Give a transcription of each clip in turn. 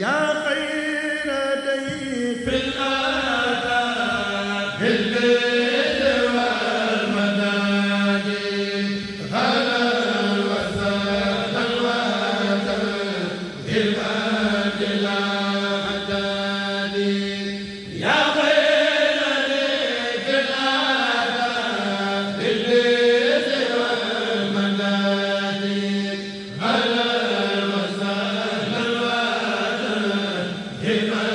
yaa Hey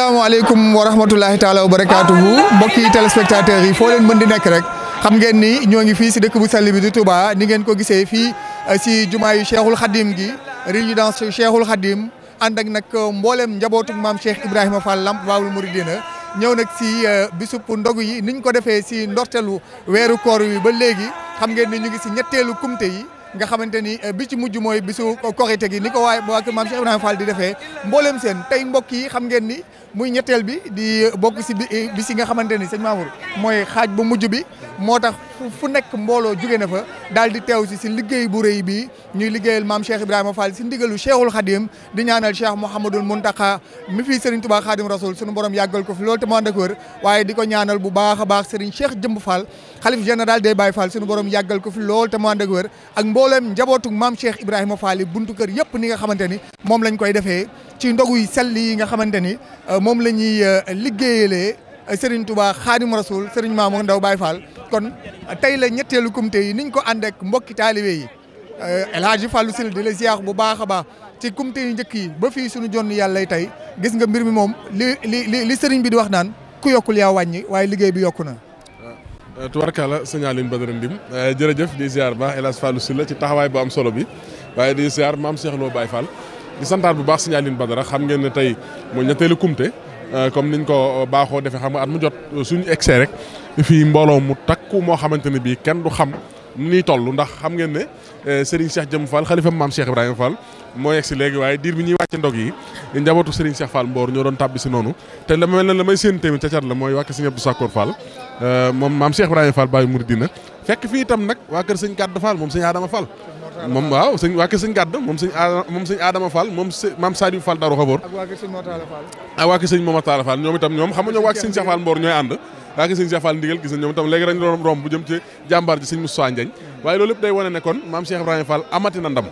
asalaamaaleykum wa rahmatulahi taala wa barakaatuhu mbokki téléspectateurs yi foo leen mën di nekk rek xam ngeen ni ñoo ngi fii si dëkk bu sell bi di tubaa ni ngeen ko gisee fii eh, si jumaa yu Cheikhul Khadim gi résidence Cheikhul Khadim ànd ak nag eh, mboolem njabootu maam Cheikh Ibrahima Fall Lamp Baabul Mouridina ñëw nag si eh, bisub ndogu yi ni niñ ko defee si ndorteelu weeru koor yi ba léegi xam ngeen ni ñu ngi si ñetteelu kumte yi. nga xamante ni bi ci mujj mooy bisu korite gi ni ko waaye waa kër maam Cheikh di defee mboolem seen tey mbokk yi xam ni muy ñetteel bi di bokk si bi si nga xamante ni sëñ Mamour mooy xaaj bu mujj bi moo tax fu nekk mbooloo jóge na fa daal di teew si si liggéey bu rëy bi ñuy liggéeyal maam Cheikh Ibrahima Fall si ndigalu Cheikhul Khadim di ñaanal Cheikh Mouhamadul Mountakha mi fii Serigne Touba Khadim Rasoul sunu borom yàggal ko fi loolu te mu ànd ak wér waaye di ko ñaanal bu baax a baax Serigne Cheikh Jëmb Fall xalif général des Baye Fall sunu borom yàggal ko fi loolu te ak wér ak mbooleem njabootu maam Cheikh buntu kër yëpp ni nga xamante ni moom lañ koy defee ci ndogu yi sell yi nga xamante ni Euh, moom la ñuy euh, liggéeyalee euh, Serigne Touba Khadim Rasoul Serigne Mamour Ndaw Baye faal kon tey la ñetteelu kumte yi niñ ko ànd ak mbokki taalibe yi El Hadji Fallou Syll di la ziar bu baax a baax ci kumte yu njëkk yi ba fii suñu jonn yàlla tey gis nga mbir mi moom li li li Serigne bi di wax naan ku yokkul yaa wàññi waaye liggéey bi yokku na. tubarkalla sëñ Alioune Badara Ndim jërëjëf di ziar baax El Hadji Fallou Syll ci taxawaay boo am solo bi waaye di ziar maam Cheikh Lo Baye di santaat bu baax Serigne Alioune Badara xam ngeen ne tey mooy ñetteelu kumte euh, comme niñ ko euh, baaxoo defee xam nga at mu jot euh, suñu egsee rek fii mbooloo mu takku moo xamante ne bii kenn du xam ni toll ndax xam ngeen ne Serigne Cheikh Jëm Fall xalifa maam Cheikh Ibrahima Fall moo yegg si léegi waaye diir bi ñuy wàcce ndog yi njabootu Serigne Cheikh Fall Mboor ñoo doon tàbbi si noonu te la mel ne la may séen tamit ca la mooy wàkk Serigne Abdou Sakkoor Fall moom maam Cheikh Ibrahima Fall bàyyi muridina fekk fii tam nag waa kër Serigne Kadda Fall moom Serigne Adama Fall moom waaw sëñ waa kër sëñ gàdd moom sëñ aadama moom sëñ aadama Fall moom së maam Sadiou Fall Darou Khaboor ak ah, waa kër sëñ Momar Talla Fall ah ñoom itam ñoom xam nga waa kër sëñ Cheikh Fall Mboor ñooy ànd waa kër sëñ Cheikh Fall ndigal gis na ñoom itam léegi dañ romb jëm ci jàmbaar ji sëñ Moussa Ndiagne waaye loolu lépp day wane ne maam Cheikh Ibrahima amati na ndam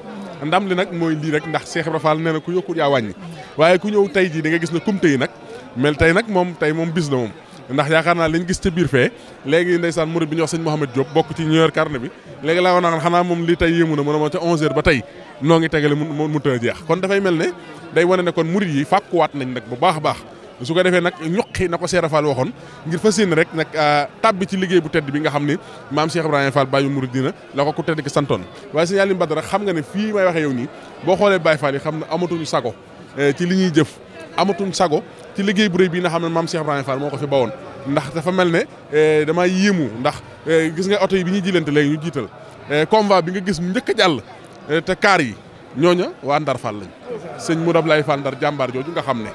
ndam li nag mooy lii rek ndax Cheikh Ibrahima Fall nee na ku yokkut yaa wàññi waaye ku ñëw tey jii da nga gis ne kumte yi nag mel moom tey moom bis la moom ndax yaakaar naa liñ gis ca biir fee léegi ndeysaan murid bi ñu wax sëñ Mouhamed bokk ci ñëwer carnet bi léegi laa woon xanaa moom li tey yéemu na mu ne ma ca 11h ba tey noo ngi tegale mu tën a jeex kon dafay mel ne day wane ne kon murid yi fàkkuwaat nañ nag bu baax a baax su ko defee nag ñuqi na ko Seera Fall waxoon ngir fas yéene rek nag ah, tàbbi ci liggéey bu tedd bi nga xam ni maam Cheikh Ibrahima Fall Baye Mouridina la ko santoon waaye sëñ Aliou Badara xam nga ne fii may waxee yow nii boo xoolee Baye Fall yi xam ne amatuñu sago eh, ci li ñuy jëf amatuñ sago ci liggéey bu rëy bii na xam ne maam Cheikh Ibrahima Fall moo ko fi bawoon ndax dafa mel ne eh, damay yéemu ndax eh, gis nga oto yi bi ñuy jillante léegi ñu jiital eh, convoi bi nga gis mu njëkk jàll te kaar yi ñooña waa Ndar Fall lañ sëñ Mourad Laye Fall Ndar jàmbaar jooju nga xam ne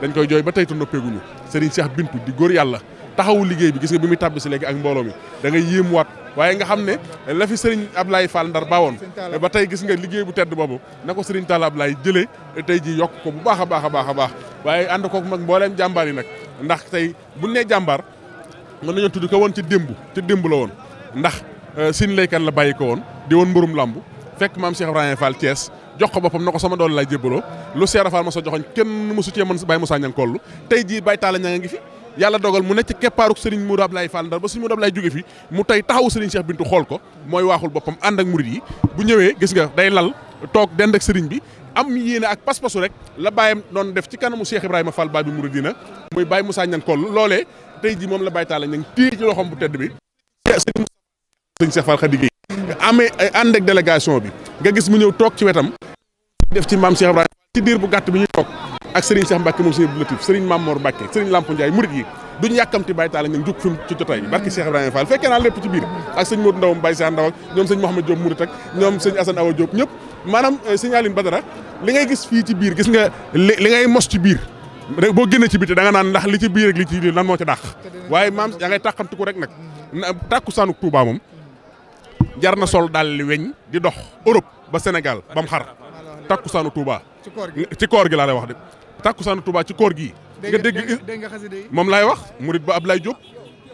dañ koy jooy ba tey te noppeeguñu Serigne Cheikh Bintu di góor yàlla taxawu liggéey bi gis nga bi muy tàbbi si léegi ak mbooloo mi da ngay yéemuwaat waaye nga xam ne la fi ab Ablaye Fall Ndar baawoon ba tey gis nga liggéey bu tedd boobu na ko sëriñ Talla Ablaye jëlee tey ji yokk ko bu baax a baax a baax a baax waaye ànd koog mag mbooleem jàmbaar yi nag ndax tey buñ nee jàmbaar mën nañoo tudd ko woon ci démb ci dimb la woon ndax euh, sin laykan la bàyyi ko woon di woon mbërum lamb fekk maam Cheikh Ibrahima Fall Thiès jox ko boppam na ko sama doole laay jébbaloo lu Cheikh Fall ma sa joxoñ kenn mosu cee mën Baye Moussa Niang kollu tey jii Baye Talla ngi fi yàlla dogal mu ne ci keppaaruk Serigne Modou Ablaye Fall Ndar ba Serigne Modou Ablaye jóge fi mu tey taxawu Serigne Cheikh Bintou xool ko mooy waaxul boppam ànd ak murid yi bu ñëwee gis nga day lal toog dend ak Serigne bi am yéene ak pas-pasu rek la bàyyam doon def ci kanamu Cheikh Ibrahima Fall Babi Mouridina muy Baye Moussa Niang Koll loolee tey ji moom la Baye Talla Niang téye ci loxoom bu tedd bi Serigne Serigne Cheikh Fall Khady Gueye amee ànd ak délégation bi nga gis mu ñëw toog ci wetam def ci maam Cheikh Ibrahima ci diir bu gàtt bi ñu toog ak Serigne Cheikh Mbacke moom Serigne Abdou Latif Serigne Mamor Mbacke Serigne Lampo Ndiaye murit yi duñ yàkkamti Baye Talla ñu jóg fi ci jotaay bi barki Cheikh Ibrahima Fall naa lépp ci biir ak sëñ Modou Ndaw Baye Cheikh Ndaw ak ñoom sëñ euh, gis fii ci biir gis nga li li ngay mos ci biir rek boo génnee ci biti da nga naan ndax li ci biir rek li ci biir lan moo ci dàq waaye maam yaa ngay tàqamtiku rek nag tàkku saanuk Touba moom jar na sol daal li weñ di dox Europe ba Sénégal ba mu xar tàkku saanu Touba ci koor gi laa lay wax de tàkkusaanu Touba ci koor gii nga dégg moom laay wax murid ba Ablaye Diop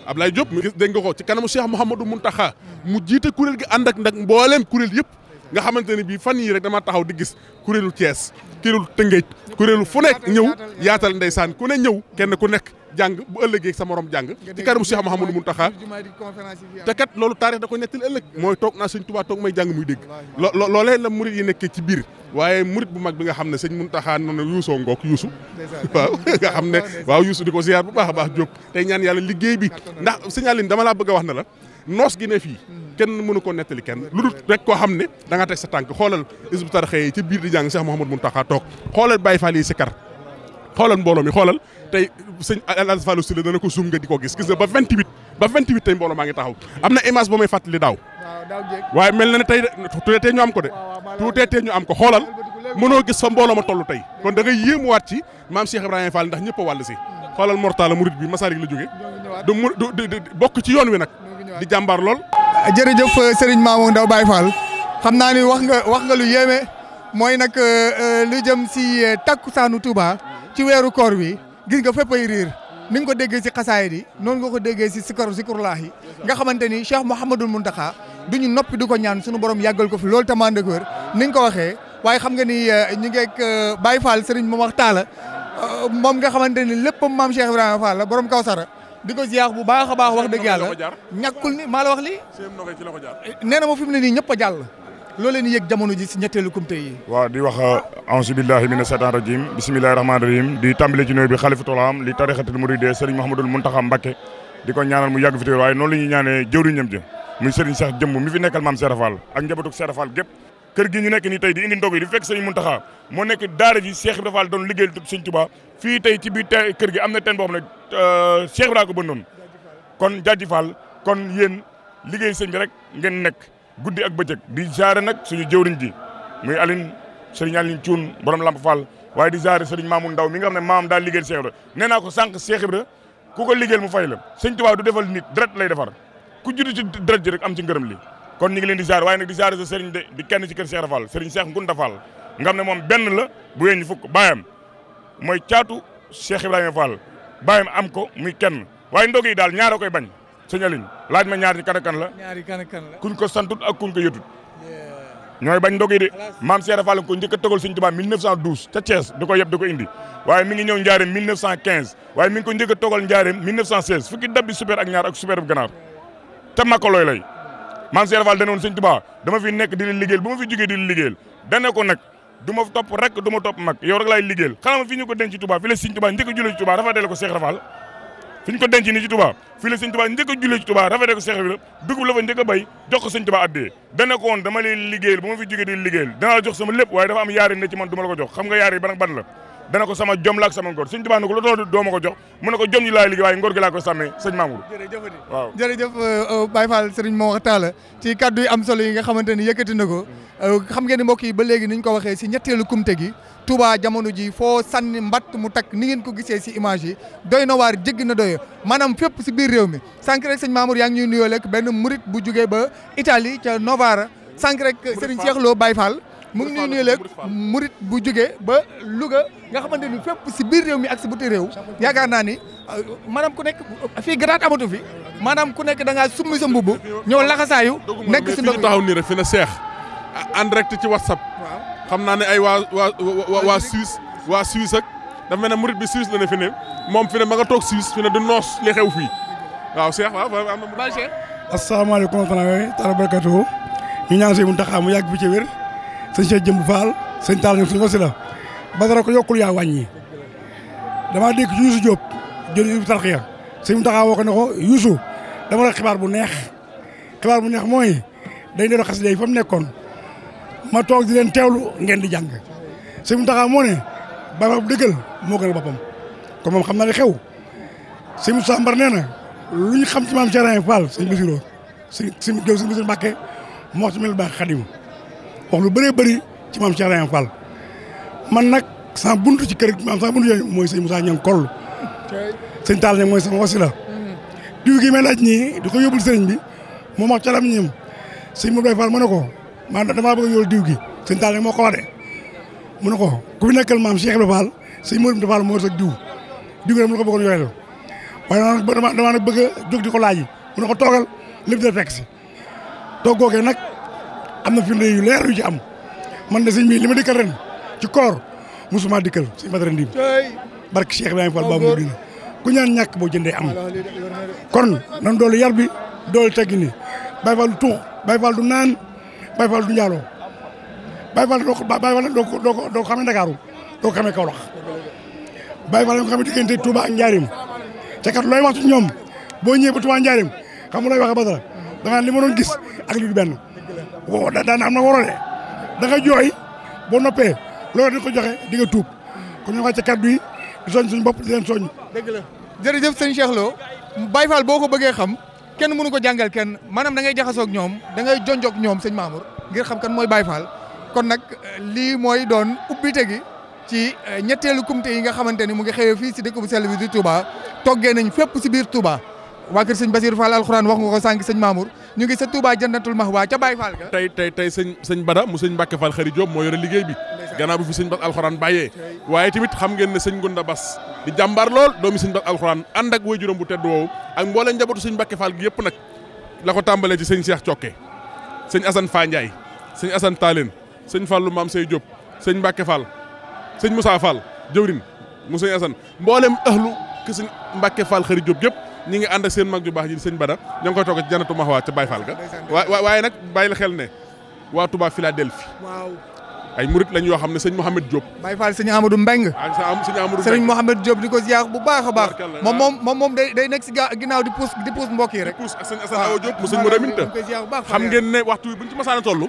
Ablaye Diop mu gis dégg nga ko ci kanamu Cheikh Mouhamadou Mountakha mu jiite kuréel gi ànd ak ndak mbooleem kuréel yëpp nga xamante ne bii fan yii rek dama taxaw di gis kuréelu Thiès kuréelu Tëngéej kuréelu fu nekk ñëw yaatal ndeysaan ku ne ñëw kenn ku nekk jàng bu ëllëgee sa morom jàng ci kanamu Cheikh Mouhamadou Mountakha te kat loolu taarix da ko nettali ëllëg mooy toog naa Sëñ Tuubaa toog jàng muy dégg loolee la murid yi nekkee ci biir waaye murit bu mag bi nga xam ne sëñ Muntaxa na yuusoo ngook yuusu waaw nga xam ne waaw yuusu di ko ziar bu baax a baax Diop tey ñaan yàlla liggéey bi ndax signalin dama laa bëgg a wax na la noos gi ne fii hmm. kenn mënu ko nettali kenn lu dul rek koo xam ne danga nga teg sa tànk xoolal isbu tarxee yi ci biir di jàng Cheikh Mouhamadou Muntaxa toog xoolal Baye Fall yi si kar xoolal mbooloo mi xoolal tey sëñ Alhaji Fallou Sylla dana ko zoom nga di ko gis gis nga ba na image ba may fàttali daaw waaye mel na ne tey tuutee tey ñu am ko de tuutee ñu am ko xoolal mënoo gis fa mbooloo ma toll tey kon da ngay yéemuwaat ci maam Cheikh Ibrahima Fall ndax ñëpp wàll si hmm. xoolal mortala murit bi Masaalik la jóge du du bokk ci yoon wi nag di jàmbaar lool jërëjëf euh, Serigne Mamour Ndao Baye Fall xam naa ni wax nga wax nga lu yéeme mooy nag euh, euh, lu jëm si takku takkusaanu Touba ci weeru koor wi gis nga fépp ay riir ni nga ko déggee si xasaayid yi noonu nga ko déggee si sikar sikurlaahi nga xamante ni Cheikh Mouhamadul Mountakha du ñu noppi di ko ñaan suñu borom yàggal ko fi loolu tamande ko wér ni ko waxee waaye xam nga ni euh, ñu ngeeg euh, Baye Fall Serigne moom wax taala euh, moom nga xamante ni lépp maam Cheikh Ibrahima Fall la borom Kawsara di ko ziar bu baax a baax wax dëgg yàlla ñàkkul ni maa la wax li eh, nee na ma fi mu ne nii ñëpp a jàll loo leen yëg jamono ji si ñetteelu kumte yi waaw di wax auzu billahi mina seytaan rajim bisimilahi rahmaani rahim di tàmbale ci nuyu bi xalifatul am li ko ñaanal mu yàgg fi waaye noonu la ñuy ñaanee jëwriñam jëm muy Serigne Cheikh jëmm mi fi nekkal maam Cheikh Fall ak njabootu Cheikh Fall gépp kër gi ñu nekk ni tey di indi ndog yi di fekk sëñ Muntaxa moo nekk daara ji Cheikh Ibra Fall doon liggéeyal sëñ Tuubaa fii tey gi am na teen boo xam ne euh, Cheikh Ibra ko kon Jaaji Fall kon yéen liggéey sëñ bi rek ngeen nekk guddi ak bëccëg di jaare nag suñu jëwriñ ji muy Aline Serigne Aline Thioune borom Lamp Fall waaye di jaare Serigne Mamoun Ndaw mi nga xam ne maam daal liggéeyal Cheikh Ibra ko sànq Cheikh Ibra ku ko liggéeyal mu fay la sëñ Tuubaa du defal nit lay defar ku judd ci dërët ji rek am ci ngërëm li kon ñu ngi leen di ziar waaye sa sëriñ de di kenn ci kër Cheikh Fall sëriñ Cheikh Ngunda Fall nga xam ne moom benn la bu wéy ñu fukk baayam mooy caatu Cheikh Ibrahima Fall baayam am ko muy kenn waaye ndog daal ñaara koy bañ sëñ laaj ma ñaar ñi la kuñ ko santut ak kuñ ko yëtut ñooy bañ ndog de maam Cheikh Fall ko njëkk a tëgal sëñ Tuubaa 1912 ca Thiès di ko yeb di ko indi waaye mi ñëw njaareem 1915 a tëgal njaareem te makka looy lay maam Cheikh Fall dana woon sëñ Tuubaa dama fi nekk di la liggéeyal bu ma fi jógee di la liggéeyal dane ko nag du topp rek du ma topp mag yow rek laay liggéeyal xanaa ma fi ñu ko denc ci Tuubaa fi la sëñ Tuubaa njëkk a julee ci Tuubaa rafetale ko Cheikh Fall fi ko denc nii ci Tuubaa fi la sëñ Tuubaa njëkk a julee ci Tuubaa rafetale ko Cheikh Fall dugub la fa njëkk a béy jox ko sëñ Tuubaa ko woon dama lay liggéeyal bu ma fi jógee di la liggéeyal danaa la jox sama lépp waaye dafa am yaari ne ci man du ma la ko jox la dana ko sama jom la sama ngor suñ tubaab ne ko looloo doo ko jox mu ne ko jom yi laay liggéey waaye ngor gi laa ko sàmmee sëñ Mamour. jërëjëf waaw jërëjëf euh, euh, Baye Fall Serigne ci kaddu yi am solo yi nga xamante ni yëkkati na ko. Euh, xam ngeen ni mbokk yi ba léegi ni ñu ko waxee si ñetteelu kumte gi. Touba jamono ji foo sànni mbat mu takk ni ngeen ko gisee si image yi doy na waar jéggi na doy maanaam fépp si biir réew mi sànq rek sëñ Mamour yaa ngi nuyoo rek benn murit bu jugee ba Italie ca Novara sànq rek Serigne Cheikh Lo Baye mu ngi ñuy nuyu léeg murit bu jógee ba Louga nga xamante ni fépp si biir réew mi ak si buti réew yaakaar naa ni euh, maanaam ku nekk fii garaat amatu fi maanaam ku nekk da ngaa summi sa mbubb ñëw laxasaayu nekk si ndox taxaw nii rek fi na seex en direct ci whatsapp xam naa ne ay waa waa waa Suisse waa Suisse ak dafa mel ne murit bi Suisse la fi ne moom fi ne ma nga toog Suisse fi ne du noos li xew fii waaw seex waaw am na. asalaamaaleykum wa rahmatulah taala barakatuh ñu ñaan si mu taxaw yàgg fi ci sëñ Cheikh Jëmb Fall sëñ Tall ñoom sila wasila ko yokkul yaa wàññi damaa dégg ci Youssou Diop jël Yuusu Tarxiya sëñ Mountakha woo ko ne ko Youssou dama la xibaar bu neex xibaar bu neex mooy dañ doon xas léegi fa mu nekkoon ma toog di leen teewlu ngeen di jàng sëñ Mountakha moo ne ba bu dëggal moo gënal boppam kon moom xam na li xew sëñ Moussa Mbar na lu ñu xam ci maam Serigne Fall sëñ Bissirou sëñ sëñ Géew moo wax ci mel baax Xadim wax lu bëree bëri ci maam Cheikh Ibrahima Fall man nag sama buntu ci kër maam sama buntu yooyu mooy sëñ Moussa Niang Koll sëñ Tall ne mooy sama wasila diw gi may laaj nii di ko yóbbul sëriñ bi moom wax calam ñim sëñ Moussa Fall mu ne ko maa damaa bëgg a yóolu diw gi sëñ Tall ne moo ko wax de mu ne ko ku fi nekkal maam Cheikh Ibrahima Fall sëñ Moussa Fall moo sag diw diw gi nag mu ne ko bëggoon yoreel waaye damaa damaa bëgg a jóg di ko laaj mu ko toogal lépp da fekk toog googee nag am na firnde yu leer yu ci am man de sëñ bi li ma dikkal ren ci koor musuma dikkal sëñ Badara Ndim barke Cheikh Ibrahima Fall ba mu dina ku ñaan ñàkk boo jëndee am kon nan doolu yar bi doolu teggi ni Baye Fall du tuux Baye Fall du naan Baye Fall du njaaloo Baye Fall doo ko Baye Fall doo ko doo ko doo ko xamee Ndakaaru looy wax ci boo ñëwee ba Touba Njaarim looy waxee Badara da nga li ma doon gis ak li woo daan am na waroo de da nga jooy boo noppee loolu dañ ko joxe di nga tuub kon ñu wàcce kaddu yi di soñ suñu bopp di leen soñ dëgg la sëñ Cheikh Lo Baye boo ko bëggee xam kenn mënu ko jàngal kenn maanaam da ngay jaxasoog ñoom da ngay jonjoog ñoom sëñ Mamour ngir xam kan mooy Baye kon nag lii mooy doon ubbite gi ci eh, ñetteelu kumte yi nga xamante ni mu ngi xewee fii si dëkk bu sell bi di Touba toggee nañ fépp si biir Touba waa kër sëñ Basiir Fall alxuraan wax nga ko sànq sëñ Mamour ñu ngi sa Touba jannatul mahwa ca Baye Fall ga tey tey tey sëñ sëñ Bada mu sëñ Mbacke Fall xëri Diop moo yore liggéey bi gannaaw bi fi sëñ Bas alxuraan bàyyee waaye tamit xam ngeen ne sëñ Gunda Bas di jàmbaar lool doomi sëñ Bas alxuraan ànd ak waajuram bu tedd woowu ak mbooleen njabootu sëñ Mbacke Fall gi yëpp nag la ko tàmbalee ci sëñ Cheikh Cokke sëñ Assane faa Ndiaye sëñ Assane Taalin sëñ Fallu Maam Sey Diop sëñ Mbacke Fall sëñ Moussa Fall jëwrin mu sëñ Assane mbooleem ahlu ki sëñ Mbacke Fall xëri yëpp ñi ngi ànd ak seen mag ju baax ji sëñ Bada ña ngi koy toog ci janatu Mahwa ca Baye Fall ga waaye nag bàyyi la xel ne waa Touba Philadelphie waaw ay murit lañ yoo xam ne sëñ Mouhamed Diop Baye Fall sëñ Amadou Mbeng sëñ Amadou sëñ bu baax a baax moom moom moom moom day day nekk si ginnaaw di puus di puus mbokk yi rek xam ngeen ne waxtu bi buñ ci masaana toll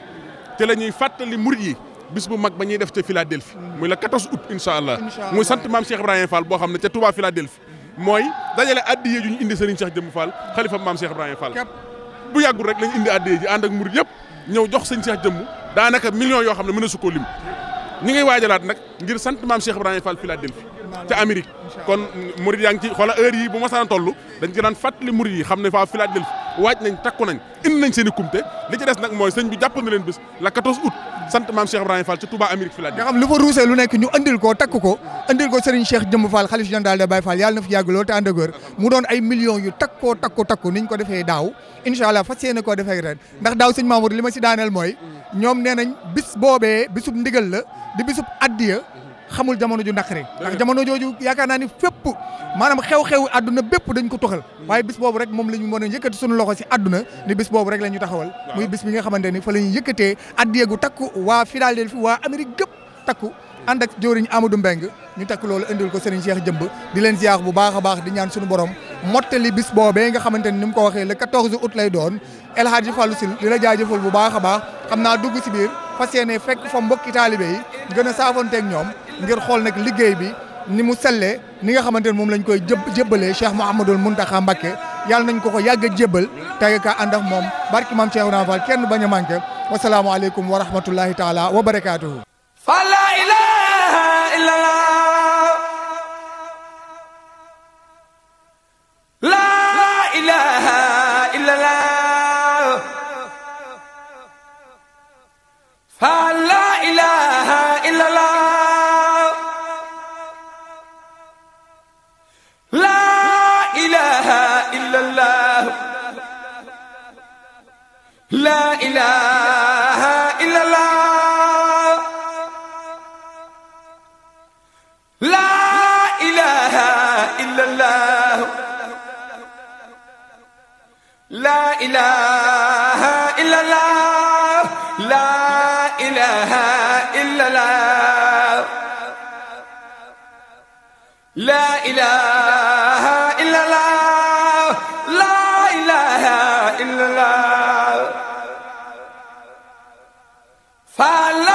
te la ñuy fàttali murit yi bis bu mag ba ñuy def ca Philadelphie mm. muy la 14 août incha allah muy sant maam Cheikh Ibrahima Fall boo xam ne ca Touba Philadelphie mooy dajale addiye ju ñu indi Serigne Cheikh Jëmm Fall xalifa maam Cheikh Ibrahima Fall bu yàggul rek lañ indi addiye ji ànd ak murid yëpp ñëw jox sëñ Cheikh Jëmm daanaka millions yoo xam ne mën a su koo lim ñi ngay waajalaat nag ngir sant maam Cheikh Ibrahima Fall Philadelphie ca Amérique kon murid yaa ngi ci xoola heure yi bu ma saan dañ ko fàttali murid yi xam ne faa Philadelphie waaj nañ takku nañ indi nañ seen i kumte li ci des nag mooy sëñ bi jàpp na leen bis la 14 août sant maam Cheikh Ibrahima Fall ci Touba Amérique fi la xam lu fa ruusee lu nekk ñu andil ko takk ko andil ko Serigne Cheikh Jëmb Fall xalif général de Baye Fall yàlla na fi yàgg lool te ànd ak mu doon ay millions yu takkoo takko takko niñ ko defee daaw incha allah fas yéene koo defee ren ndax daaw sëñ Mamour li ma si daaneel mooy ñoom nee nañ bis boobee bisub ndigal la di bisub addiya xamul jamono ju naqari ndax jamono jooju yaakaar naa ni fépp maanaam xew-xew àdduna bépp dañ ko toxal mm-hmm. waaye bis boobu rek moom la ñu mën a yëkkati suñu loxo si àdduna ni bis boobu rek la ñu taxawal muy bis bi nga xamante ni fa la ñu yëkkatee addiye gu takku waa Philadelphie waa Amérique gëpp takku ànd ak jëwriñ Amadou mbeng ñu takk loolu indil ko Serigne Cheikh Jëmb di leen ziar bu baax a baax di ñaan suñu borom mottali bis boobee nga xamante ni ni mu ko waxee le 14 août lay doon El Hadji Fallou la jaajëfal bu baax a baax xam naa dugg si biir fas yéene fekk fa mbokki taalibe yi gën a saafonteeg ñoom ngir xool nag liggéey bi ni mu sellee ni nga xamante ne moom lañ koy jë jébbalee Cheikh Mouhamadoul Mountakha Mbacké yàlla nañ ko ko yàgg a jébbal tey ka ànd ak moom barki maam Cheikh Ibrahima Fall kenn bañ a manqué wasalaamualeykum wa rahmatullahi taala wa barakaatuhu. إله إلا الله لا إله إلا الله لا إله إلا الله لا إله إلا الله فلا